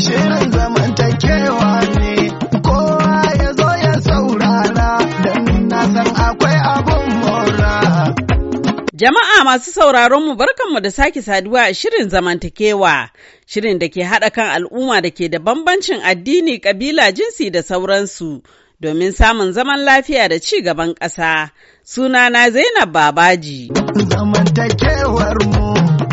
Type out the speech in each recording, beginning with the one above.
shirin zamantakewa ne kowa ya ya saurara don akwai Jama'a masu sauraron mu barkanmu da sake saduwa a shirin zamantakewa, shirin da ke haɗa kan al'umma da ke da bambancin addini, ƙabila, jinsi da sauransu. domin samun zaman lafiya da ci gaban ƙasa. Sunana Zainab Babaji. Zamantakewar mu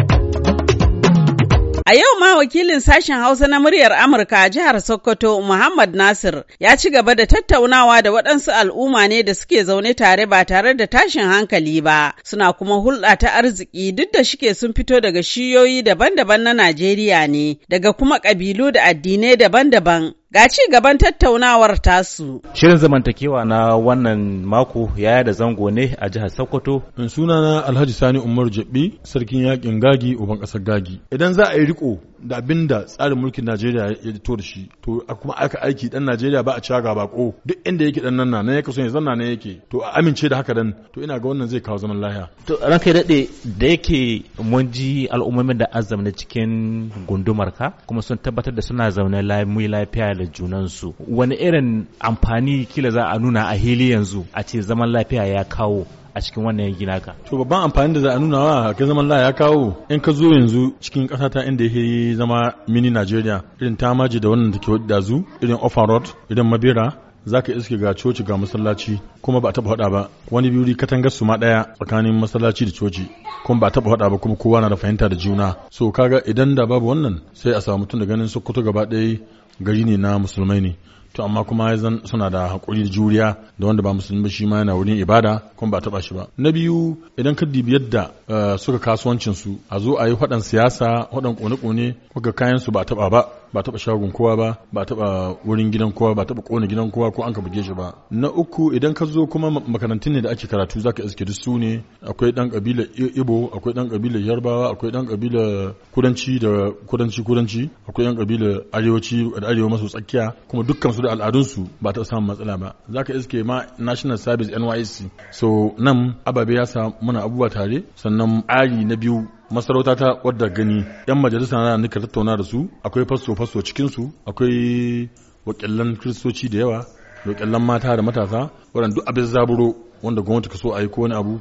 A yau ma wakilin sashen Hausa na muryar Amurka a jihar Sokoto Muhammad Nasir ya ci gaba da tattaunawa da waɗansu al'umma ne da suke zaune tare ba tare da tashin hankali ba suna kuma hulɗa ta arziki duk da shike sun fito daga shiyoyi daban-daban na Najeriya ne daga kuma ƙabilu da addinai daban-daban Ga ci gaban tattaunawar tasu. Shirin zamantakewa na wannan mako yaya da zango ne a jihar Sokoto. In sunana Alhaji Sani Umar Jabi, sarkin yakin Gagi, uban ƙasar Gagi. Idan za a yi riko da abin da tsarin mulkin Najeriya ya to da shi to a kuma aka aiki dan Najeriya ba a caga bako duk inda yake dan nan nan yake kaso ya zanna nan yake to a amince da haka dan to ina ga wannan zai kawo zaman lafiya to ranka ya dade da yake mun ji al'ummomin da azam na cikin gundumar ka kuma sun tabbatar da suna zaune lafiya lafiya da junansu wani irin amfani kila za a nuna a hili yanzu a ce zaman lafiya ya kawo a cikin wannan yanki naka. To babban amfani da za a nuna wa ga zaman lafiya ya kawo in ka zo yanzu cikin ƙasa ta inda yake zama mini Najeriya irin tamaji da wannan take da zu irin Offer Road irin Mabera za ka iske ga coci ga masallaci kuma ba a taɓa haɗa ba wani biyu katangar su ma ɗaya tsakanin masallaci da coci kuma ba a taɓa haɗa ba kuma kowa na da fahimta da juna so kaga idan da babu wannan sai a samu mutum da ganin sokoto gaba ɗaya gari ne na musulmai ne to amma kuma zan suna da hakuri da juriya da wanda ba musulmi ba shi ma yana wurin ibada kuma ba taba shi ba na biyu idan ka dibi yadda Eh, suka kasuwancin su a zo a yi faɗan siyasa faɗan kone-kone kuka kayan su ba taba ba ba taɓa shagon kowa ba ba taba wurin gidan kowa ba taɓa kone gidan kowa ko an ka buge shi ba na uku idan ka zo kuma makarantun ne da ake karatu zaka iske duk su ne akwai dan kabilar Ibo akwai dan kabilar Yarbawa akwai dan kabilar kudanci da kudanci kudanci akwai yan kabilar arewaci da arewa maso tsakiya kuma dukkan su da al'adun su ba ta samun matsala ba zaka iske ma National Service NYSC so nan ababe ya sa muna abubuwa tare wannan ayi na biyu masarauta ta wadda gani yan majalisa na nika tattauna da su akwai fasto fasto cikin su akwai wakilan kristoci da yawa wakilan mata da matasa waɗanda duk abin zaburo wanda gwamnati ka so a yi ko wani abu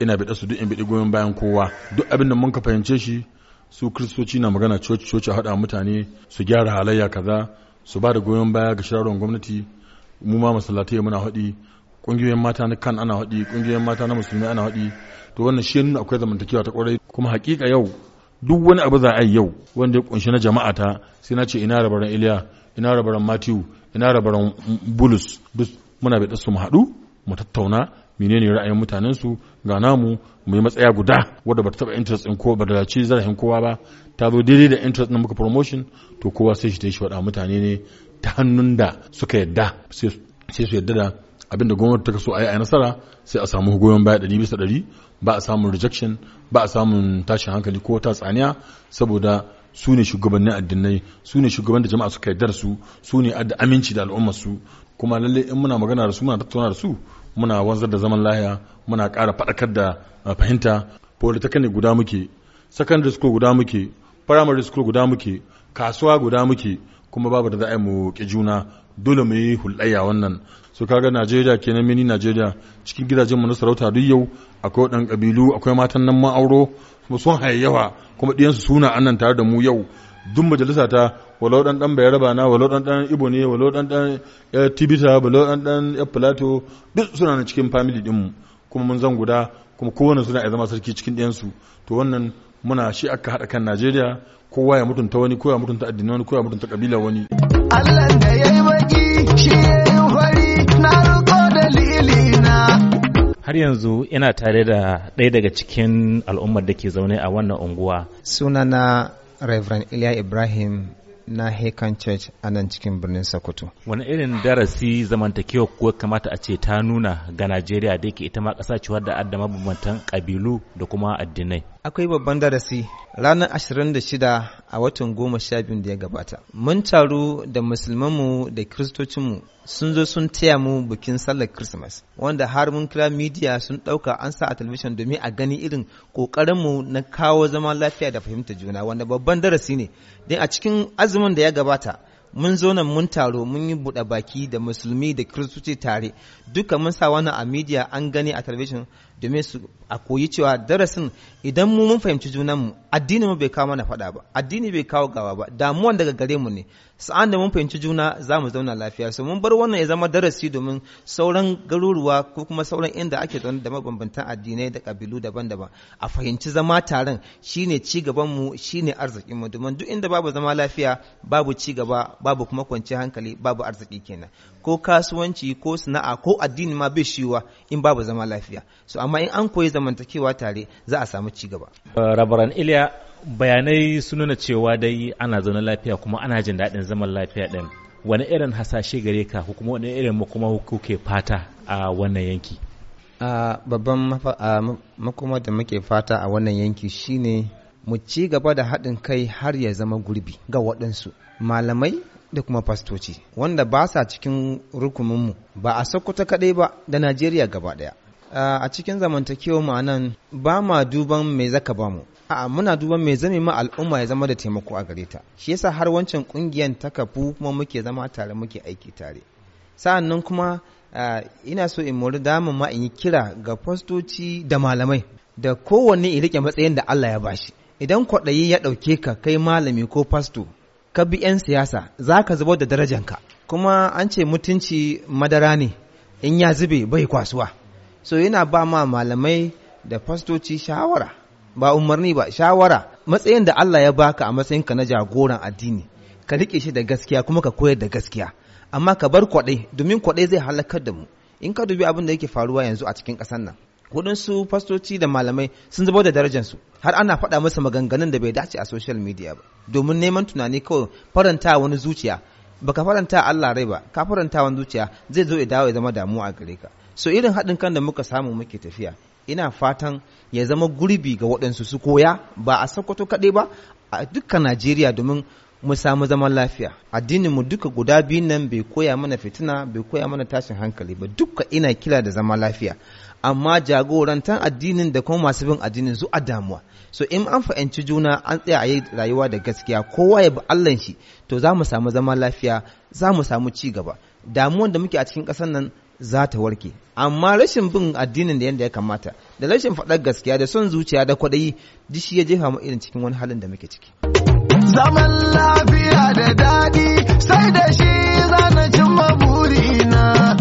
ina bi su duk in bi goyon bayan kowa duk abin da mun ka fahimce shi su kristoci na magana coci coci haɗa mutane su gyara halayya kaza su ba da goyon baya ga shirarwan gwamnati mu ma masallatai muna haɗi kungiyoyin mata na kan ana haɗi kungiyoyin mata na musulmi ana haɗi to wannan shi nuna akwai zamantakewa ta kwarai kuma hakika yau duk wani abu za a yi yau wanda ya kunshi na jama'a ta sai na ce ina rabaran iliya ina rabaran Matiu ina rabaran bulus duk muna bai su mu haɗu mu tattauna menene ra'ayin mutanen su ga namu mu yi matsaya guda wadda ba ta taba interest in ko ba da ci zarafin kowa ba ta zo daidai da interest na muka promotion to kowa sai shi ta yi shi faɗa mutane ne ta hannun da suka yadda sai su yadda da abinda gwamnati ta kaso a yi a nasara sai a samu goyon baya ɗari bisa ɗari ba a samun rejection ba a samun tashin hankali ko ta tsaniya saboda su ne shugabannin addinai su ne shugaban da jama'a suka yarda su su ne adda aminci da al'ummar su kuma lalle in muna magana da su muna tattauna da su muna wanzar da zaman lahiya muna ƙara faɗakar da ah, fahimta politakan ne guda muke secondary school guda muke primary school guda muke kasuwa guda muke kuma babu da za a yi mu ki juna dole mu yi hulɗayya wannan su kaga najeriya kenan mini najeriya cikin gidajen mu na sarauta duk yau akwai ɗan ƙabilu akwai matan nan ma auro kuma sun hayayyawa kuma ɗiyansu suna annan tare da mu yau duk majalisa ta walau ɗan ɗan bayar na walau ɗan ɗan ibo ne walau ɗan ɗan eh, tibita walau ɗan ɗan plato eh, duk suna nan cikin family ɗinmu kuma mun zan guda kuma kowane suna ya zama sarki cikin ɗiyansu to wannan muna shi aka haɗa kan najeriya kowa ya mutunta wani kowa ya mutunta addini wani kowa ya mutunta kabila wani allah da ya yi shi ya yi na riko dalilina har yanzu ina tare da ɗaya daga cikin al'ummar da ke zaune a wannan unguwa sunana reverend iliya ibrahim na Hakan Church a nan cikin birnin Sokoto. Wani irin darasi zamantakewa ko kamata a ce ta nuna ga Najeriya da yake ita ma ƙasa da da Adama, mabambantan ƙabilu da kuma addinai. akwai babban darasi ranar ashirin da shida a watan goma sha biyun da ya gabata. Mun taru da musulmanmu da kiristocinmu sun zo sun taya mu bikin sallar Christmas wanda har mun kira media sun ɗauka an sa a talabishin domin a gani irin ƙoƙarinmu na kawo zaman lafiya da fahimta juna wanda babban darasi ne. Don a cikin azumin da ya gabata mun zo nan mun taro mun yi buɗe baki da musulmi da kiristoci tare duka mun sa wani a media an gani a talabishin domin su a koyi cewa darasin idan mu mun fahimci junanmu addini mu bai kawo mana faɗa ba addini bai kawo gawa ba damuwan daga gare mu ne sa'an da mun fahimci juna za mu zauna lafiya so mun bar wannan ya zama darasi domin sauran garuruwa ko kuma sauran inda ake zaune da mabambantan addinai da kabilu daban-daban a fahimci zama taron shine ci gaban mu shine arzikin mu domin duk inda babu zama lafiya babu ci gaba babu kuma kwanci hankali babu arziki kenan ko kasuwanci ko sana'a ko addini ma bai shiwa in babu zama lafiya so amma in an koyi zamantakewa tare za a samu ci gaba uh, rabaran iliya bayanai sun nuna cewa dai ana zaune lafiya kuma ana jin daɗin zaman lafiya ɗin wani irin hasashe gare ka ko kuma wani irin makoma kuke fata a wannan yanki babban makoma da muke fata a wannan yanki shine mu ci gaba da haɗin kai har ya zama gurbi ga waɗansu malamai da kuma fastoci wanda ba sa cikin rukuninmu ba a sokoto kaɗai ba da najeriya gaba ɗaya a cikin zamantakewa ma'anan anan ba ma duban mai zaka ba mu a'a muna duban mai zame ma al'umma ya zama da taimako a gare ta shi yasa har wancan kungiyan ta kafu kuma muke zama tare muke aiki tare sa'annan kuma ina so in mori damar ma in yi kira ga fastoci da malamai da kowanne in rike matsayin da Allah ya bashi idan kwaɗayi ya ɗauke ka kai malami ko fasto ka bi 'yan siyasa za ka zubar da darajanka kuma an ce mutunci madara ne in ya zube bai kwasuwa so yana ba ma malamai da fastoci shawara ba umarni ba shawara matsayin da Allah ya baka a matsayin ka na jagoran addini ka rike shi da gaskiya kuma ka koyar da gaskiya amma ka bar kwaɗai domin kwaɗai zai halakar da mu in ka dubi abin da yake faruwa yanzu a cikin ƙasar nan su fastoci da malamai sun zubar da darajar su har ana faɗa masa maganganun da bai dace a social media ba domin neman tunani kawai faranta wani zuciya baka faranta Allah rai ba ka faranta wani zuciya zai zo ya dawo ya zama damuwa a gare ka so irin haɗin kan da muka samu muke tafiya ina fatan ya zama gurbi ga waɗansu su koya ba a sokoto kaɗai ba a dukka najeriya domin mu samu zaman lafiya addinin mu duka guda biyun nan bai koya mana fitina bai koya mana tashin hankali ba duka ina kila da zaman lafiya amma jagorantan addinin da kuma masu bin addinin su a damuwa so in an fahimci juna an tsaya a yi rayuwa da gaskiya kowa ya bi Allah shi to za mu samu zaman lafiya za mu samu ci gaba damuwan da muke a cikin ƙasar nan za ta warke amma rashin bin addinin da yadda ya kamata da rashin faɗar gaskiya da son zuciya da kwaɗayi duk shi ya jefa mu irin cikin wani halin da muke ciki zaman lafiya da daɗi sai da shi za zana cimma burina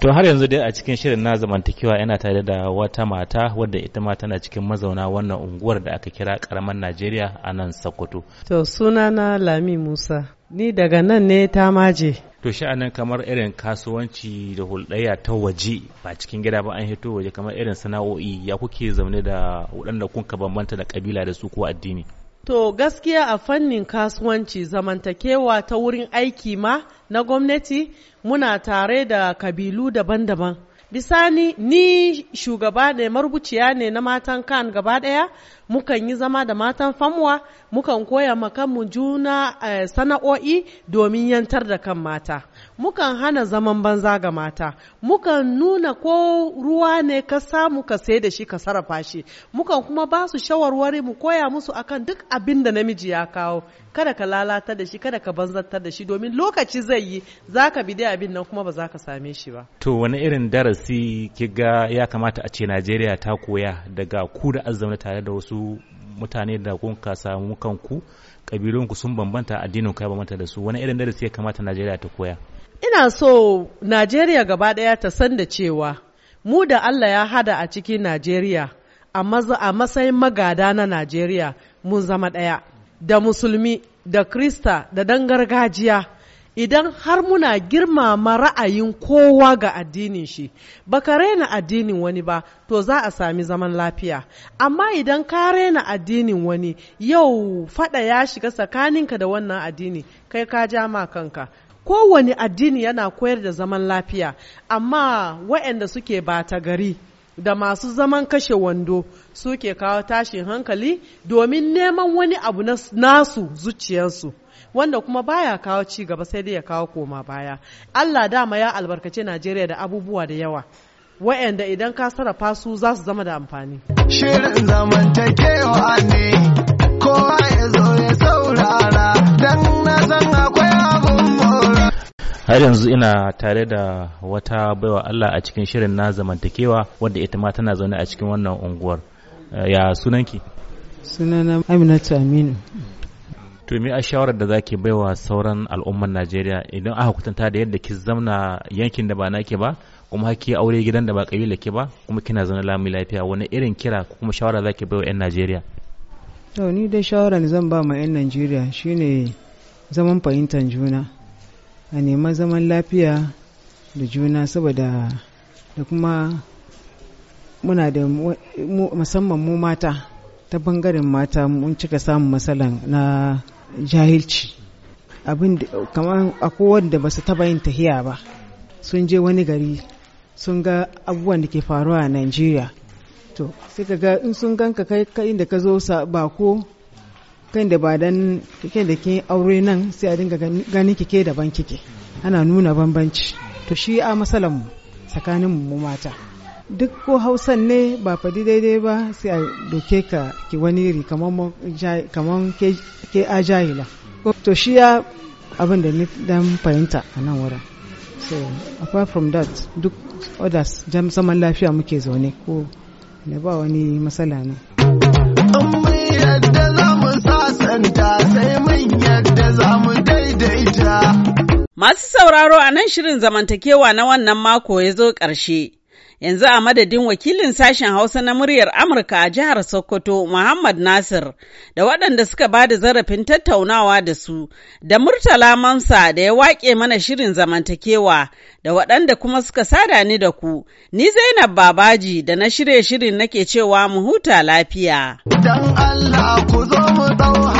to har yanzu dai a cikin shirin na zamantakewa yana tare da wata mata wadda ita ma tana cikin mazauna wannan unguwar da aka kira karamar najeriya a nan sokoto to na lami musa Ni daga nan ne ta maje. To sha'anin kamar irin kasuwanci da hulɗayya ta waje ba cikin gida ba an hito waje kamar irin sana'o'i ya kuke zaune da waɗanda kun bambanta da kabila da su ko addini. To gaskiya a fannin kasuwanci zamantakewa ta wurin aiki ma na gwamnati muna tare da kabilu daban-daban. Bisani ni shugaba ne marubuciya ne na matan kan gaba ɗaya mukan yi zama da matan famuwa mukan koya ma kanmu juna eh, sana'o'i domin yantar da kan mata mukan hana zaman banza ga mata mukan nuna ko ruwa ne ka samu ka sai da shi ka sarrafa shi mukan kuma ba su shawarwari mu koya musu akan duk abin da namiji ya kawo kada ka lalata da shi kada ka banzantar da shi domin lokaci zai yi za ka bi dai abin nan kuma ba za ka same shi ba to wani irin darasi kiga ya kamata a ce najeriya ta koya daga ku da tare da wasu wasu mutane da kun samu kanku kabilunku sun bambanta addinin ka bambanta da su wani irin darasi ya kamata Najeriya ta koya ina so Najeriya gaba daya ta san da cewa mu da Allah ya hada a cikin Najeriya a matsayin magada na Najeriya mun zama ɗaya da musulmi da krista da dan gargajiya idan har muna girmama ra'ayin kowa ga addinin shi ka raina addinin wani ba to za a sami zaman lafiya amma idan ka raina addinin wani yau fada ya shiga tsakaninka da wannan addini kai ka ja ma kanka kowane addini yana koyar da zaman lafiya amma waɗanda suke bata gari da masu zaman kashe wando suke kawo tashin hankali domin neman wani abu nasu zuciyarsu wanda kuma baya kawo ci gaba sai dai ya kawo koma baya Allah dama ya albarkace Najeriya da abubuwa da yawa wa'anda idan ka sarrafa su za su zama da amfani shirin zamantakewa ne kowa ya zo ya saurara dan na san akwai abun mora har yanzu ina tare da wata baiwa Allah a cikin shirin na zamantakewa wadda ita ma tana zaune a cikin wannan unguwar ya sunanki sunana Aminatu Aminu to me a shawarar da zaki baiwa sauran al'ummar Najeriya idan aka kutanta da yadda ki zamna yankin da ba nake ba kuma haki aure gidan da ba kabila ke ba kuma kina zaune lami lafiya wani irin kira ko kuma shawara zaki baiwa yan Najeriya to ni dai shawarar zan ba ma yan Najeriya shine zaman fahimtar juna a neman zaman lafiya da juna saboda da kuma muna da musamman mu mata ta bangaren mata mun cika samun matsalan na jahilci abin kamar akwai wanda ba su taba yin tahiya ba sun je wani gari sun ga abubuwan da ke faruwa a nigeria to sai ka ga in sun ganka kai kai da ka zo bako kai da ba dan kike da ke aure nan sai a dinga ganin kike daban kike ana nuna bambanci to shi a masalan mu tsakanin mu mata duk ko hausan ne ba fadi daidai ba sai a doke ka ki wani iri kamar ke a jahila to shi ya abin da ni dan fahimta a nan wurin so apart from that duk others saman lafiya muke zaune ko ne ba wani matsala ne yadda za masu sauraro a nan shirin zamantakewa na wannan mako ya zo ƙarshe Yanzu a madadin wakilin sashen Hausa na muryar Amurka a jihar Sokoto, Muhammad Nasir, da waɗanda suka ba da zarafin tattaunawa da su, da Murtala Mamsa da ya waƙe mana shirin zamantakewa, da waɗanda kuma suka sada ni da ku. Ni Zainab Babaji da na shirye shirin nake cewa mu huta lafiya. Allah